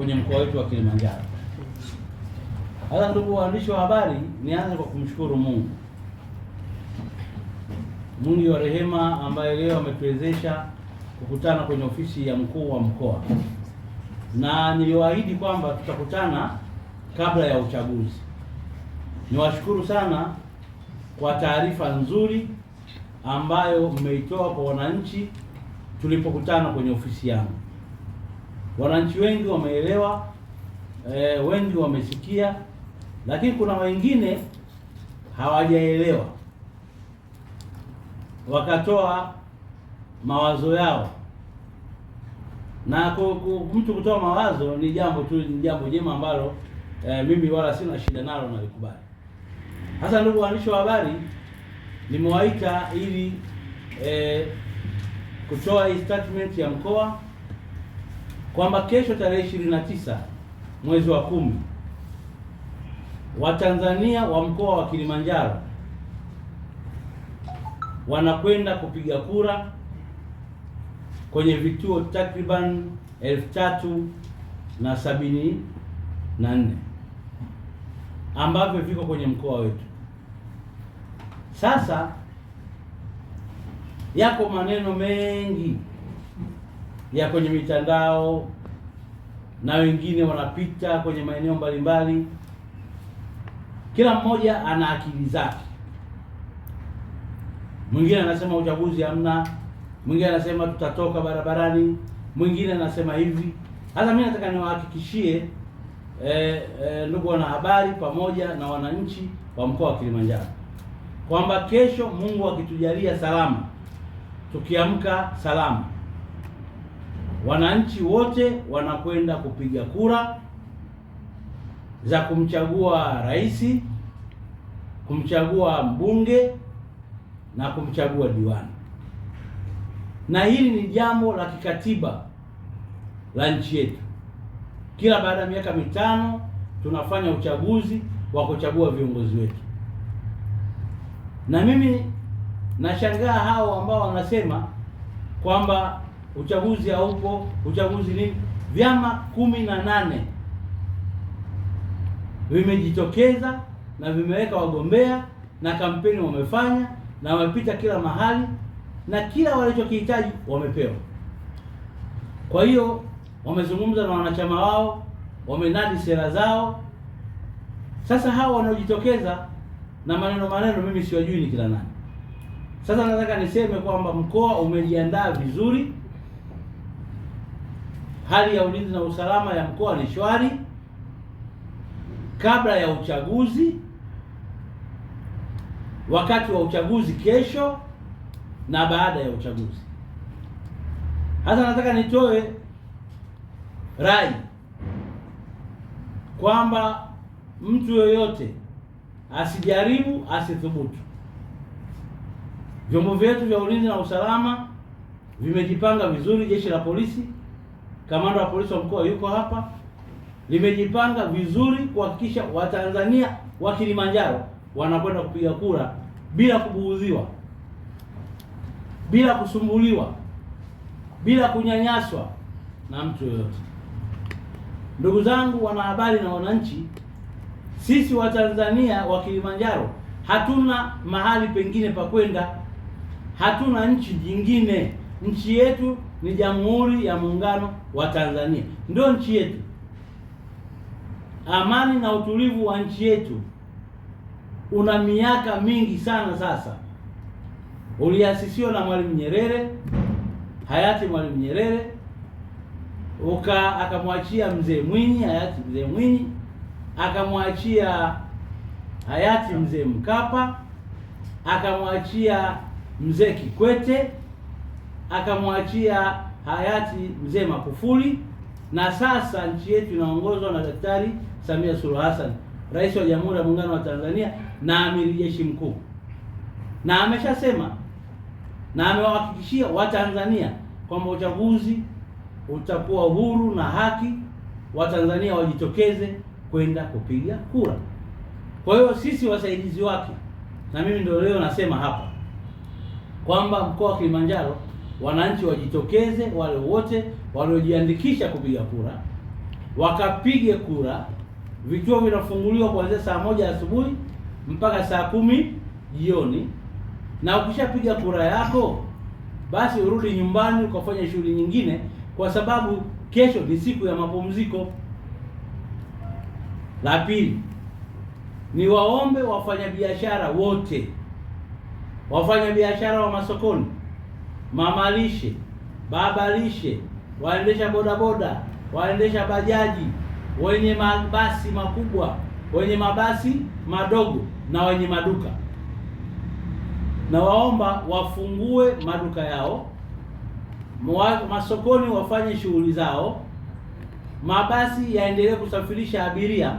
kwenye mkoa wetu wa Kilimanjaro. Sasa ndugu waandishi wa habari, nianze kwa kumshukuru Mungu, Mungu wa rehema ambaye leo ametuwezesha kukutana kwenye ofisi ya mkuu wa mkoa, na niliwaahidi kwamba tutakutana kabla ya uchaguzi. Niwashukuru sana kwa taarifa nzuri ambayo mmeitoa kwa wananchi tulipokutana kwenye ofisi yangu. Wananchi wengi wameelewa, e, wengi wamesikia, lakini kuna wengine hawajaelewa, wakatoa mawazo yao na mtu kutoa mawazo ni jambo tu, ni jambo jema ambalo e, mimi wala sina shida nalo, nalikubali. Sasa ndugu waandishi wa habari, nimewaita ili e, kutoa hii statement ya mkoa kwamba kesho tarehe 29 mwezi wa kumi Watanzania wa mkoa wa Kilimanjaro wanakwenda kupiga kura kwenye vituo takriban elfu tatu na sabini na nne ambavyo viko kwenye mkoa wetu. Sasa yako maneno mengi ya kwenye mitandao na wengine wanapita kwenye maeneo mbalimbali. Kila mmoja ana akili zake. Mwingine anasema uchaguzi hamna, mwingine anasema tutatoka barabarani, mwingine anasema hivi. Hata mimi nataka niwahakikishie eh, eh, ndugu wanahabari pamoja na wananchi wa mkoa wa Kilimanjaro kwamba kesho, Mungu akitujalia salama, tukiamka salama wananchi wote wanakwenda kupiga kura za kumchagua rais, kumchagua mbunge na kumchagua diwani, na hili ni jambo la kikatiba la nchi yetu. Kila baada ya miaka mitano tunafanya uchaguzi wa kuchagua viongozi wetu, na mimi nashangaa hao ambao wanasema kwamba uchaguzi haupo, uchaguzi nini. Vyama kumi na nane vimejitokeza na vimeweka wagombea na kampeni wamefanya na wamepita kila mahali na kila walichokihitaji wamepewa. Kwa hiyo wamezungumza na wanachama wao, wamenadi sera zao. Sasa hawa wanaojitokeza na maneno maneno, mimi siwajui ni kila nani. Sasa nataka niseme kwamba mkoa umejiandaa vizuri hali ya ulinzi na usalama ya mkoa ni shwari kabla ya uchaguzi, wakati wa uchaguzi kesho na baada ya uchaguzi. Hasa nataka nitoe rai kwamba mtu yoyote asijaribu, asithubutu. Vyombo vyetu vya ulinzi na usalama vimejipanga vizuri, jeshi la polisi kamanda wa polisi wa mkoa yuko hapa, limejipanga vizuri kuhakikisha Watanzania wa Kilimanjaro wanakwenda kupiga kura bila kubuguziwa, bila kusumbuliwa, bila kunyanyaswa na mtu yoyote. Ndugu zangu wanahabari na wananchi, sisi Watanzania wa Kilimanjaro hatuna mahali pengine pa kwenda, hatuna nchi nyingine Nchi yetu ni Jamhuri ya Muungano wa Tanzania, ndio nchi yetu. Amani na utulivu wa nchi yetu una miaka mingi sana sasa, uliasisiwa na Mwalimu Nyerere, hayati Mwalimu Nyerere, uka akamwachia mzee Mwinyi, hayati mzee Mwinyi, akamwachia hayati mzee Mkapa, akamwachia mzee Kikwete akamwachia hayati mzee Magufuli, na sasa nchi yetu inaongozwa na Daktari Samia Suluhu Hassan, rais wa Jamhuri ya Muungano wa Tanzania na amiri jeshi mkuu, na ameshasema na amewahakikishia Watanzania kwamba uchaguzi utakuwa huru na haki, Watanzania wajitokeze kwenda kupiga kura. Kwa hiyo sisi wasaidizi wake na mimi ndio leo nasema hapa kwamba mkoa wa Kilimanjaro wananchi wajitokeze wale wote waliojiandikisha kupiga kura wakapige kura. Vituo vinafunguliwa kuanzia saa moja asubuhi mpaka saa kumi jioni, na ukishapiga kura yako basi urudi nyumbani ukafanya shughuli nyingine, kwa sababu kesho ni siku ya mapumziko. La pili ni waombe wafanyabiashara wote, wafanyabiashara wa masokoni mama lishe, baba lishe, waendesha bodaboda, waendesha bajaji, wenye mabasi makubwa, wenye mabasi madogo na wenye maduka. Na waomba wafungue maduka yao, masokoni wafanye shughuli zao, mabasi yaendelee kusafirisha abiria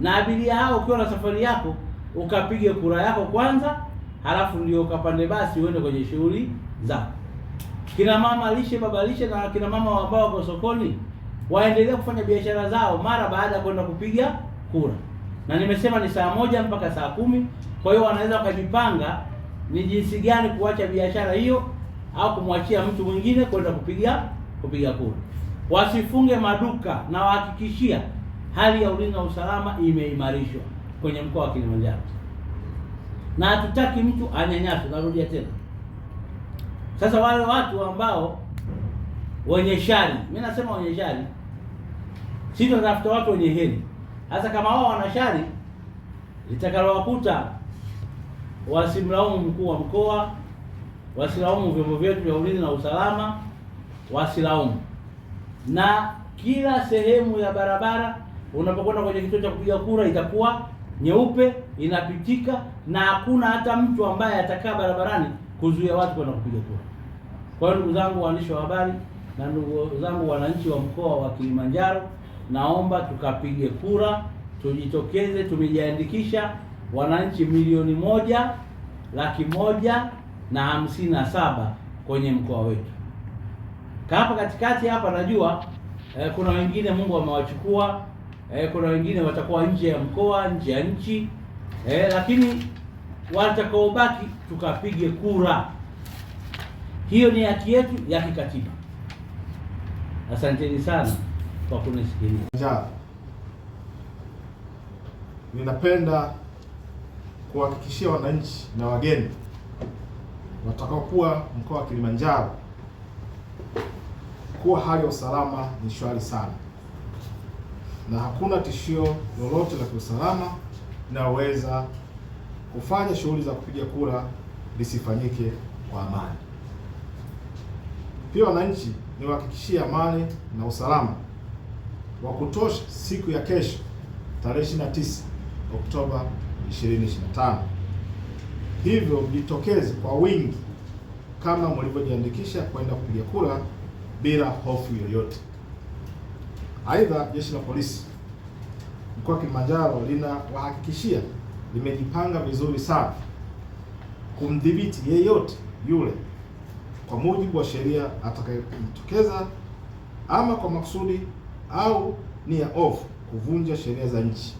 na abiria hao. Ukiwa na safari yako, ukapige kura yako kwanza, halafu ndio ukapande basi uende kwenye shughuli zao. Kina mama lishe, baba lishe na kina mama ambao wako sokoni waendelea kufanya biashara zao mara baada ya kwenda kupiga kura, na nimesema ni saa moja mpaka saa kumi. Kwa hiyo wanaweza wakajipanga ni jinsi gani kuacha biashara hiyo au kumwachia mtu mwingine kwenda kupiga kupiga kura. Wasifunge maduka na wahakikishia hali ya ulinzi na usalama imeimarishwa kwenye mkoa wa Kilimanjaro, na hatutaki mtu anyanyaswe. Narudia tena sasa wale watu ambao wenye shari, mimi nasema wenye shari, sisi tunatafuta watu wenye heri. Sasa kama wao wana shari, litakalowakuta wasimlaumu mkuu wa mkoa, wasilaumu vyombo vyetu vya ulinzi na usalama, wasilaumu na kila sehemu ya barabara unapokwenda kwenye kituo cha kupiga kura itakuwa nyeupe, inapitika na hakuna hata mtu ambaye atakaa barabarani kuzuia watu kwenda kupiga kura. Kwa hiyo ndugu zangu waandishi wa habari na ndugu zangu wananchi wa mkoa wa Kilimanjaro, naomba tukapige kura, tujitokeze. Tumejiandikisha wananchi milioni moja laki moja na hamsini na saba kwenye mkoa wetu. Hapa katikati hapa najua eh, kuna wengine Mungu amewachukua eh, kuna wengine watakuwa nje ya mkoa, nje ya nchi eh, lakini watakaobaki tukapige kura. Hiyo ni haki yetu ya kikatiba. Asanteni sana kwa kunisikiliza. Ninapenda kuhakikishia wananchi na wageni watakaokuwa mkoa wa Kilimanjaro kuwa hali ya usalama ni shwari sana na hakuna tishio lolote la kiusalama linaloweza kufanya shughuli za kupiga kura lisifanyike kwa amani. Pia wananchi wahakikishie amani na usalama wa kutosha siku ya kesho tarehe 29 Oktoba 2025. Hivyo jitokeze kwa wingi kama mlivyojiandikisha kwenda kupiga kura bila hofu yoyote. Aidha, jeshi la polisi mkoa wa Kilimanjaro linawahakikishia limejipanga vizuri sana kumdhibiti yeyote yule kwa mujibu wa sheria atakayejitokeza ama kwa makusudi au nia ovu kuvunja sheria za nchi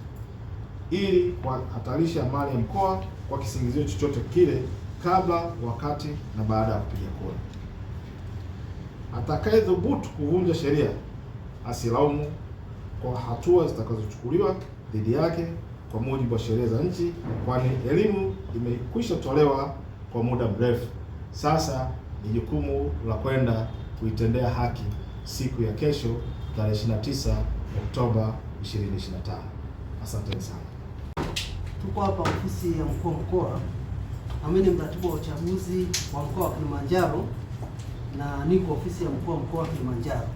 ili kuhatarisha amani ya mkoa kwa kisingizio chochote kile, kabla, wakati na baada ya kupiga kura. Atakayethubutu kuvunja sheria asilaumu kwa hatua zitakazochukuliwa dhidi yake kwa mujibu wa sheria za nchi, kwani elimu imekwisha tolewa kwa muda mrefu. Sasa ni jukumu la kwenda kuitendea haki siku ya kesho tarehe 29 Oktoba 2025. Asanteni sana. Tuko hapa ofisi ya mkuu wa mkoa, ambaye ni mratibu wa uchaguzi wa mkoa wa Kilimanjaro na niko ofisi ya mkuu wa mkoa wa Kilimanjaro.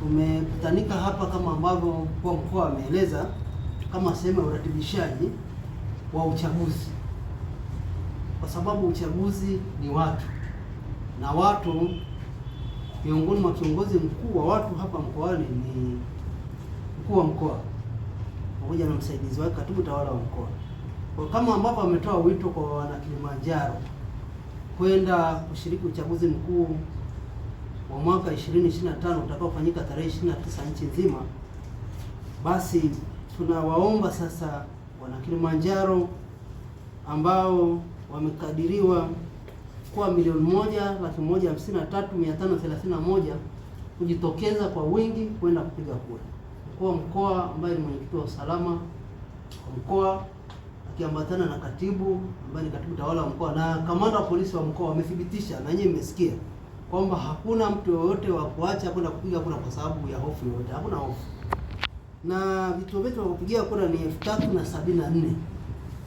Tumekutanika hapa kama ambavyo mkuu wa mkoa ameeleza kama sehemu ya uratibishaji wa uchaguzi, kwa sababu uchaguzi ni watu na watu, miongoni mwa kiongozi mkuu wa watu hapa mkoani ni mkuu wa mkoa pamoja na msaidizi wake, katibu tawala wa mkoa. Kwa kama ambapo ametoa wito kwa wana Kilimanjaro kwenda kushiriki uchaguzi mkuu wa mwaka 2025 utakaofanyika tarehe 29 nchi nzima, basi tunawaomba sasa wana Kilimanjaro ambao wamekadiriwa kuwa milioni moja laki moja hamsini na tatu mia tano thelathini na moja kujitokeza kwa wingi kwenda kupiga kura. Mkuu wa mkoa ambaye ni mwenyekiti wa usalama wa mkoa akiambatana na katibu ambaye ni katibu tawala wa mkoa na kamanda wa polisi wa mkoa wamethibitisha, na nyinyi mmesikia kwamba hakuna mtu yoyote wa kuacha kwenda kupiga kura kwa sababu ya hofu yoyote. Hakuna hofu na vituo vyetu vya kupigia kura ni elfu tatu na sabini na nne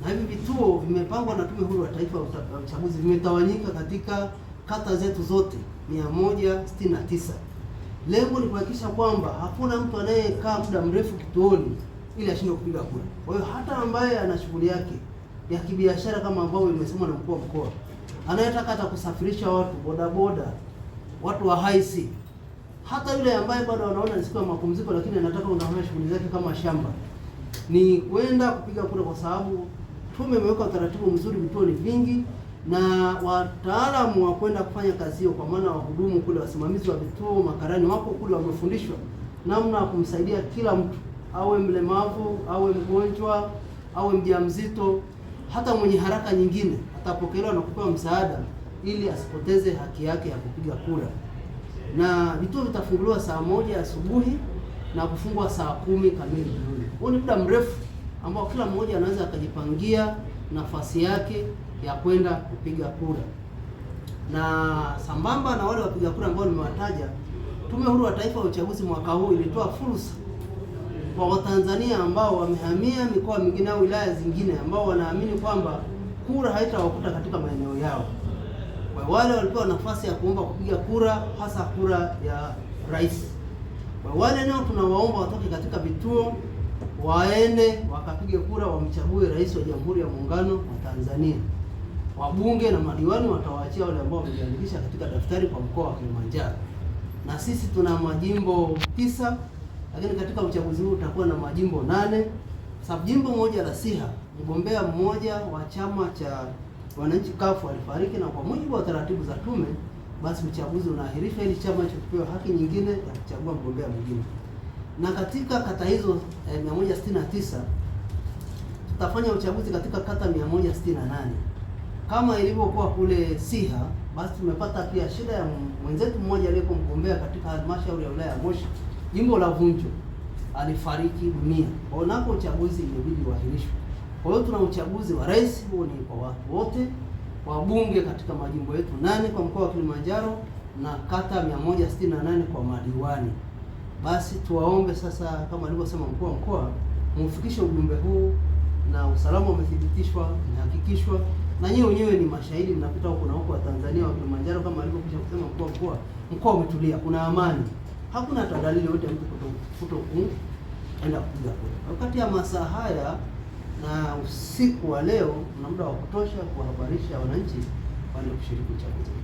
na hivi vituo vimepangwa na Tume Huru ya Taifa ya Uchaguzi, vimetawanyika katika kata zetu zote 169. Lengo ni kuhakikisha kwamba hakuna mtu anayekaa muda mrefu kituoni ili ashindwe kupiga kura. Kwa hiyo hata ambaye ana shughuli yake ya kibiashara kama ambavyo imesemwa na mkuu wa mkoa, anayetaka hata kusafirisha watu bodaboda, watu wa haisi hata yule ambaye bado anaona ni siku ya mapumziko, lakini anataka unaona shughuli zake kama shamba, ni kwenda kupiga kura, kwa sababu tume imeweka utaratibu mzuri, vituo ni vingi na wataalamu wa kwenda kufanya kazi hiyo, kwa maana wahudumu kule, wasimamizi wa vituo, makarani wako kule, wamefundishwa namna ya kumsaidia kila mtu, awe mlemavu, awe mgonjwa, awe mjamzito, hata mwenye haraka nyingine atapokelewa na kupewa msaada ili asipoteze haki yake ya kupiga kura na vituo vitafunguliwa saa moja asubuhi na kufungwa saa kumi kamili jioni. huu ni muda mrefu ambao kila mmoja anaweza akajipangia nafasi yake ya kwenda kupiga kura, na sambamba na wale wapiga kura ambao nimewataja, Tume Huru ya Taifa ya Uchaguzi mwaka huu ilitoa fursa kwa Watanzania ambao wamehamia mikoa mingine au wilaya zingine ambao wanaamini kwamba kura haitawakuta katika maeneo yao. Kwa wale walipewa nafasi ya kuomba kupiga kura, hasa kura ya rais, kwa wale nao tunawaomba watoke katika vituo, waende wakapige kura, wamchague rais wa Jamhuri ya Muungano wa Tanzania. Wabunge na madiwani watawaachia wale ambao wamejiandikisha katika daftari kwa mkoa wa Kilimanjaro, na sisi tuna majimbo tisa, lakini katika uchaguzi huu tutakuwa na majimbo nane. Sabjimbo moja la Siha, mgombea mmoja wa chama cha wananchi kafu walifariki, na kwa mujibu wa taratibu za tume, basi uchaguzi unaahirishwa ili chama hicho kipewa haki nyingine ya kuchagua mgombea mwingine. Na katika kata hizo eh, 169 tutafanya uchaguzi katika kata 168 kama ilivyokuwa kule Siha. Basi tumepata pia shida ya mwenzetu mmoja aliyekuwa mgombea katika halmashauri ya wilaya ya Moshi, jimbo la Vunjo, alifariki dunia. Kwa hiyo uchaguzi imebidi uahirishwe. Kwa hiyo tuna uchaguzi wa rais, huo ni kwa watu wote, wabunge katika majimbo yetu nane kwa mkoa wa Kilimanjaro na kata 168 kwa madiwani. Basi tuwaombe sasa, kama alivyosema mkuu wa mkoa, mufikishe ujumbe huu, na usalama umethibitishwa, umehakikishwa na nyinyi wenyewe ni mashahidi, mnapita huko na huko, Tanzania wa Kilimanjaro, kama alivyokwisha kusema mkuu wa mkoa, mkoa umetulia, kuna amani, hakuna hata dalili yote ya mtu kutoenda kupiga kura. Wakati ya masaa haya na usiku wa leo una muda wa kutosha kuhabarisha wananchi kushiriki uchaguzi.